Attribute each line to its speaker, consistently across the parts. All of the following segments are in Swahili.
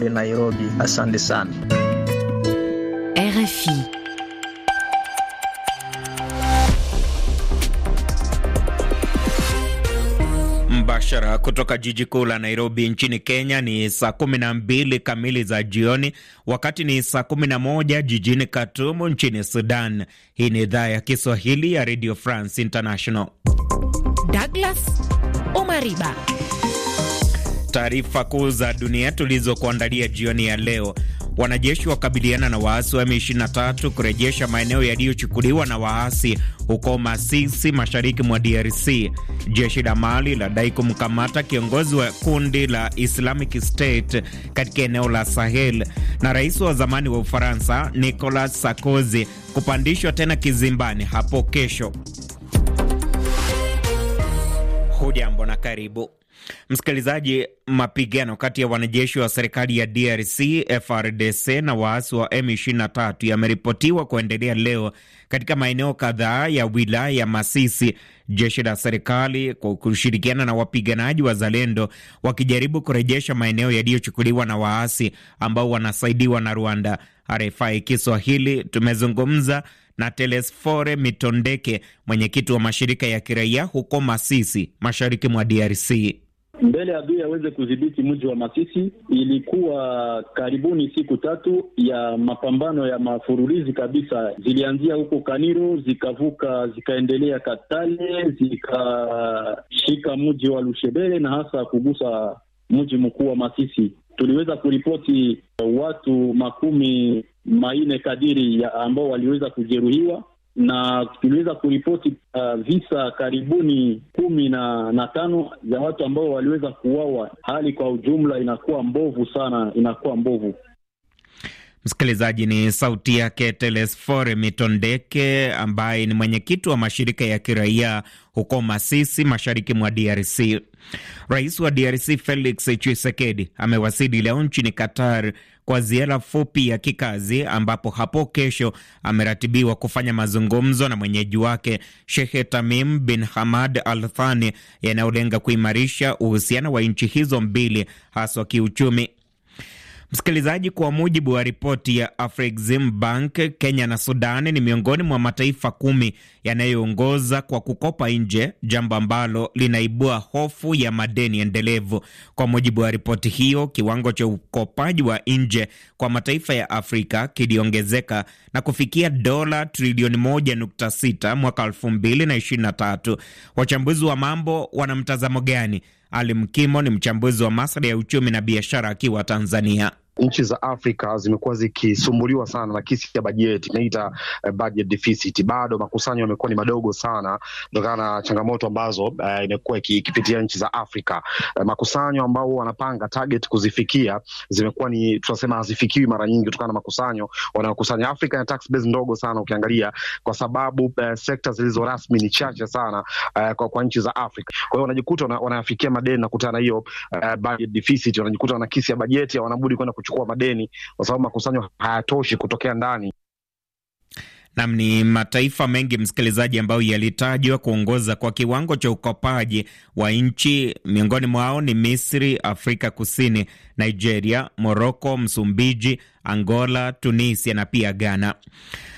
Speaker 1: kule Nairobi. Asante sana RFI. Mbashara kutoka jiji kuu la Nairobi nchini Kenya ni saa 12 kamili za jioni, wakati ni saa 11 jijini Khartoum nchini Sudan. Hii ni idhaa ya Kiswahili ya Radio France International. Douglas Omariba taarifa kuu za dunia tulizokuandalia jioni ya leo. Wanajeshi wakabiliana na waasi wa M23 kurejesha maeneo yaliyochukuliwa na waasi huko Masisi, mashariki mwa DRC. Jeshi la Mali ladai kumkamata kiongozi wa kundi la Islamic State katika eneo la Sahel, na rais wa zamani wa Ufaransa Nicolas Sarkozy kupandishwa tena kizimbani hapo kesho. Hujambo na karibu msikilizaji. Mapigano kati ya wanajeshi wa serikali ya DRC FRDC na waasi wa M23 yameripotiwa kuendelea leo katika maeneo kadhaa ya wilaya ya Masisi, jeshi la serikali kwa kushirikiana na wapiganaji wa Zalendo wakijaribu kurejesha maeneo yaliyochukuliwa na waasi ambao wanasaidiwa na Rwanda. RFI Kiswahili tumezungumza na Telesfore Mitondeke, mwenyekiti wa mashirika ya kiraia huko Masisi, mashariki mwa DRC. Mbele ya adui aweze kudhibiti mji wa Masisi, ilikuwa karibuni siku tatu ya mapambano ya mafurulizi kabisa. Zilianzia huko Kaniro, zikavuka zikaendelea Katale, zikashika mji wa Lushebele na hasa kugusa mji mkuu wa Masisi. Tuliweza kuripoti watu makumi maine kadiri ya ambao waliweza kujeruhiwa na tuliweza kuripoti uh, visa karibuni kumi na, na tano ya watu ambao waliweza kuwawa Hali kwa ujumla inakuwa mbovu sana, inakuwa mbovu. Msikilizaji, ni sauti yake Telesfore Mitondeke ambaye ni mwenyekiti wa mashirika ya kiraia huko Masisi, mashariki mwa DRC. Rais wa DRC Felix Tshisekedi amewasili leo nchini Qatar kwa ziara fupi ya kikazi, ambapo hapo kesho ameratibiwa kufanya mazungumzo na mwenyeji wake Shehe Tamim bin Hamad Al Thani yanayolenga kuimarisha uhusiano wa nchi hizo mbili, haswa kiuchumi. Msikilizaji, kwa mujibu wa ripoti ya Afrexim Bank, Kenya na Sudani ni miongoni mwa mataifa kumi yanayoongoza kwa kukopa nje, jambo ambalo linaibua hofu ya madeni endelevu. Kwa mujibu wa ripoti hiyo, kiwango cha ukopaji wa nje kwa mataifa ya Afrika kiliongezeka na kufikia dola trilioni 1.6 mwaka 2023. Wachambuzi wa mambo wana mtazamo gani? Ali Mkimo ni mchambuzi wa masuala ya uchumi na biashara akiwa Tanzania nchi za Afrika zimekuwa zikisumbuliwa sana na kisi ya bajeti, inaita uh, eh, budget deficit. Bado makusanyo yamekuwa ni madogo sana kutokana na changamoto ambazo uh, imekuwa ikipitia nchi za Afrika. Uh, makusanyo ambao wanapanga target kuzifikia zimekuwa ni tunasema hazifikiwi mara nyingi kutokana na makusanyo wanayokusanya. Afrika na tax base ndogo sana ukiangalia, kwa sababu uh, sekta zilizo rasmi ni chache sana uh, kwa, kwa nchi za Afrika. Kwa hiyo wanajikuta wanayafikia madeni na kukutana hiyo uh, budget deficit, wanajikuta wana kisi ya bajeti, wanabudi kwenda kuchukua madeni, kwa sababu makusanyo hayatoshi kutokea ndani. Nam, ni mataifa mengi msikilizaji, ambayo yalitajwa kuongoza kwa kiwango cha ukopaji wa nchi. Miongoni mwao ni Misri, Afrika Kusini, Nigeria, Moroko, Msumbiji, Angola, Tunisia na pia Ghana.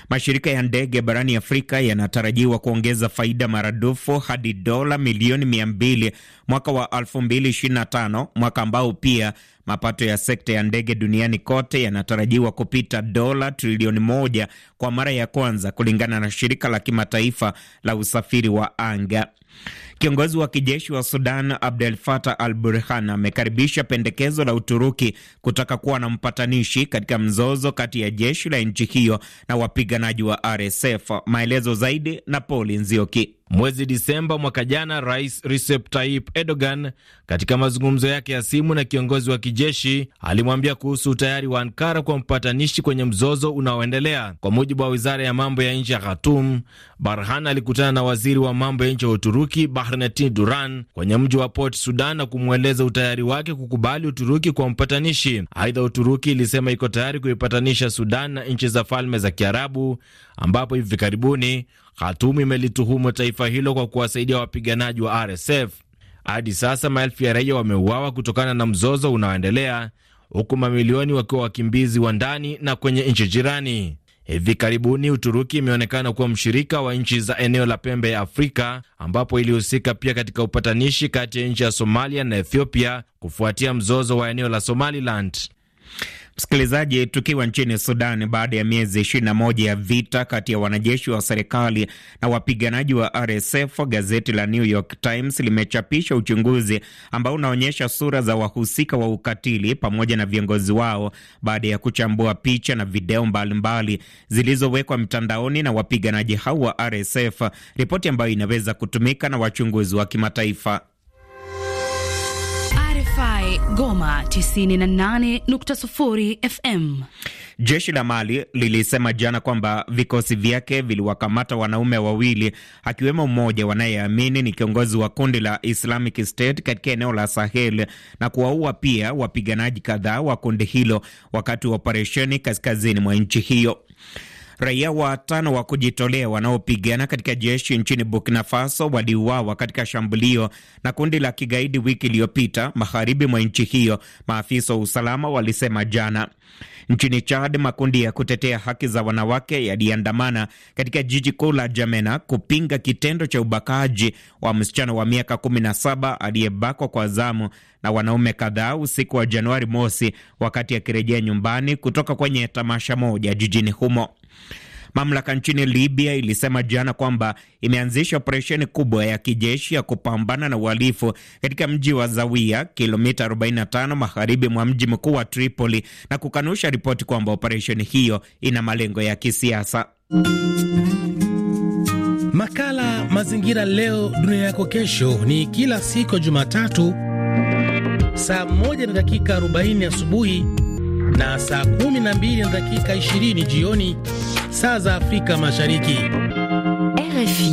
Speaker 1: Mashirika ya ndege barani Afrika yanatarajiwa kuongeza faida maradufu hadi dola milioni 200 mwaka wa 2025, mwaka ambao pia mapato ya sekta ya ndege duniani kote yanatarajiwa kupita dola trilioni moja kwa mara ya kwanza, kulingana na shirika la kimataifa la usafiri wa anga. Kiongozi wa kijeshi wa Sudan Abdel Fattah al Burhan amekaribisha pendekezo la Uturuki kutaka kuwa na mpatanishi katika mzozo kati ya jeshi la nchi hiyo na wapiganaji wa RSF. Maelezo zaidi na Paul Nzioki. Mwezi Disemba mwaka jana, Rais Recep Tayyip Erdogan katika mazungumzo yake ya simu na kiongozi wa kijeshi alimwambia kuhusu utayari wa Ankara kwa mpatanishi kwenye mzozo unaoendelea. Kwa mujibu wa wizara ya mambo ya nje ya Khartoum, Barhan alikutana na waziri wa mambo ya nje wa Uturuki Bahrnetin Duran kwenye mji wa Port Sudan na kumweleza utayari wake kukubali Uturuki kwa mpatanishi. Aidha, Uturuki ilisema iko tayari kuipatanisha Sudan na nchi za Falme za Kiarabu ambapo hivi karibuni Khartoum imelituhumu taifa hilo kwa kuwasaidia wapiganaji wa RSF. Hadi sasa maelfu ya raia wameuawa kutokana na mzozo unaoendelea, huku mamilioni wakiwa wakimbizi wa ndani na kwenye nchi jirani. Hivi karibuni Uturuki imeonekana kuwa mshirika wa nchi za eneo la pembe ya Afrika, ambapo ilihusika pia katika upatanishi kati ya nchi ya Somalia na Ethiopia kufuatia mzozo wa eneo la Somaliland. Msikilizaji, tukiwa nchini Sudan baada ya miezi 21 ya vita kati ya wanajeshi wa serikali na wapiganaji wa RSF, gazeti la New York Times limechapisha uchunguzi ambao unaonyesha sura za wahusika wa ukatili pamoja na viongozi wao baada ya kuchambua picha na video mbalimbali zilizowekwa mtandaoni na wapiganaji hao wa RSF, ripoti ambayo inaweza kutumika na wachunguzi wa kimataifa. RFI Goma 98.0 FM. Jeshi la Mali lilisema jana kwamba vikosi vyake viliwakamata wanaume wawili akiwemo mmoja wanayeamini ni kiongozi wa kundi la Islamic State katika eneo la Sahel na kuwaua pia wapiganaji kadhaa wa kundi hilo wakati wa operesheni kaskazini mwa nchi hiyo. Raia watano wa kujitolea wanaopigana katika jeshi nchini Burkina Faso waliuawa katika shambulio na kundi la kigaidi wiki iliyopita magharibi mwa nchi hiyo, maafisa wa usalama walisema jana. Nchini Chad, makundi ya kutetea haki za wanawake yaliandamana katika jiji kuu la Jamena kupinga kitendo cha ubakaji wa msichana wa miaka 17 aliyebakwa kwa zamu na wanaume kadhaa usiku wa Januari mosi wakati akirejea nyumbani kutoka kwenye tamasha moja jijini humo. Mamlaka nchini Libya ilisema jana kwamba imeanzisha operesheni kubwa ya kijeshi ya kupambana na uhalifu katika mji wa zawia kilomita 45 magharibi mwa mji mkuu wa Tripoli, na kukanusha ripoti kwamba operesheni hiyo ina malengo ya kisiasa. Makala Mazingira Leo Dunia Yako Kesho ni kila siku Jumatatu saa 1 na dakika 40 asubuhi na saa 12 na dakika 20 jioni saa za Afrika Mashariki. RFI.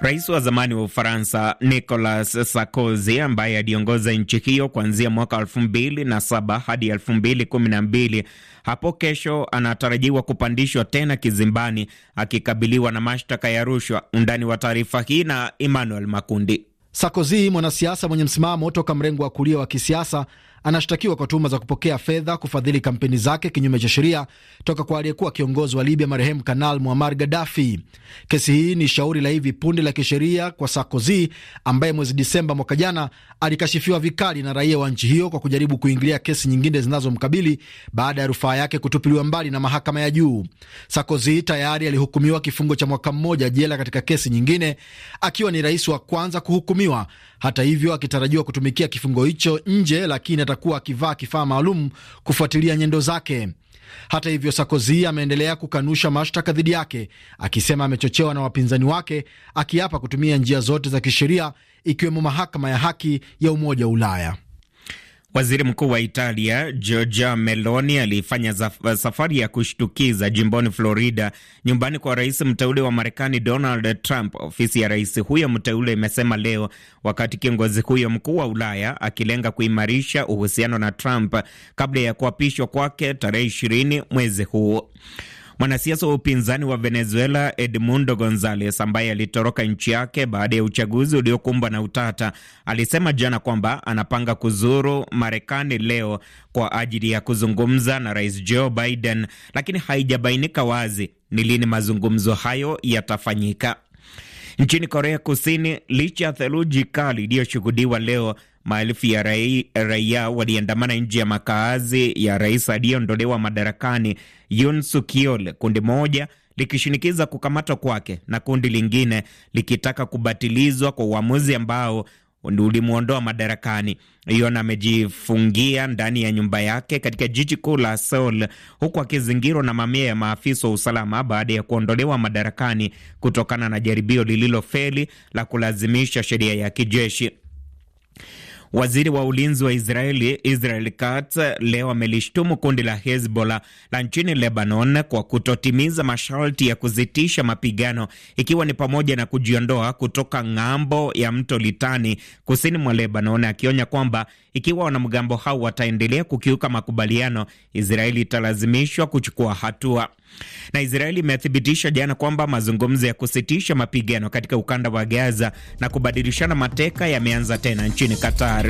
Speaker 1: Rais wa zamani wa Ufaransa Nicolas Sarkozy ambaye aliongoza nchi hiyo kuanzia mwaka 2007 hadi 2012, hapo kesho anatarajiwa kupandishwa tena kizimbani akikabiliwa na mashtaka ya rushwa. Undani wa taarifa hii na Emmanuel Makundi. Sarkozy, mwanasiasa mwenye msimamo toka mrengo wa kulia wa kisiasa, anashtakiwa kwa tuhuma za kupokea fedha kufadhili kampeni zake kinyume cha sheria toka kwa aliyekuwa kiongozi wa Libya marehemu Kanal Muamar Gadafi. Kesi hii ni shauri la hivi punde la kisheria kwa Sarkozy ambaye mwezi Disemba mwaka jana alikashifiwa vikali na raia wa nchi hiyo kwa kujaribu kuingilia kesi nyingine zinazomkabili baada ya rufaa yake kutupiliwa mbali na mahakama ya juu. Sarkozy tayari alihukumiwa kifungo cha mwaka mmoja jela katika kesi nyingine, akiwa ni rais wa kwanza kuhukumiwa, hata hivyo akitarajiwa kutumikia kifungo hicho nje, lakini atakuwa akivaa kifaa maalum kufuatilia nyendo zake. Hata hivyo, Sarkozy ameendelea kukanusha mashtaka dhidi yake, akisema amechochewa na wapinzani wake, akiapa kutumia njia zote za kisheria, ikiwemo mahakama ya haki ya Umoja wa Ulaya. Waziri mkuu wa Italia Giorgia Meloni alifanya eh, safari ya kushtukiza jimboni Florida, nyumbani kwa rais mteule wa Marekani Donald Trump, ofisi ya rais huyo mteule imesema leo, wakati kiongozi huyo mkuu wa Ulaya akilenga kuimarisha uhusiano na Trump kabla ya kuapishwa kwake tarehe ishirini mwezi huu. Mwanasiasa wa upinzani wa Venezuela Edmundo gonzales ambaye alitoroka nchi yake baada ya uchaguzi uliokumbwa na utata, alisema jana kwamba anapanga kuzuru Marekani leo kwa ajili ya kuzungumza na Rais Joe Biden, lakini haijabainika wazi ni lini mazungumzo hayo yatafanyika. Nchini Korea Kusini, licha ya theluji kali iliyoshuhudiwa leo, Maelfu ya raia waliandamana nje ya makaazi ya rais aliyeondolewa madarakani Yoon Suk Yeol, kundi moja likishinikiza kukamatwa kwake na kundi lingine likitaka kubatilizwa kwa uamuzi ambao ulimwondoa madarakani. Yoon amejifungia ndani ya nyumba yake katika jiji kuu la Seoul, huku akizingirwa na mamia ya maafisa wa usalama baada ya kuondolewa madarakani kutokana na jaribio lililofeli la kulazimisha sheria ya kijeshi. Waziri wa ulinzi wa Israeli Israel Katz leo amelishtumu kundi la Hezbollah la nchini Lebanon kwa kutotimiza masharti ya kusitisha mapigano, ikiwa ni pamoja na kujiondoa kutoka ng'ambo ya mto Litani kusini mwa Lebanon, akionya kwamba ikiwa wanamgambo hao wataendelea kukiuka makubaliano, Israeli italazimishwa kuchukua hatua. Na Israeli imethibitisha jana kwamba mazungumzo ya kusitisha mapigano katika ukanda wa Gaza na kubadilishana mateka yameanza tena nchini Qatar. jaar.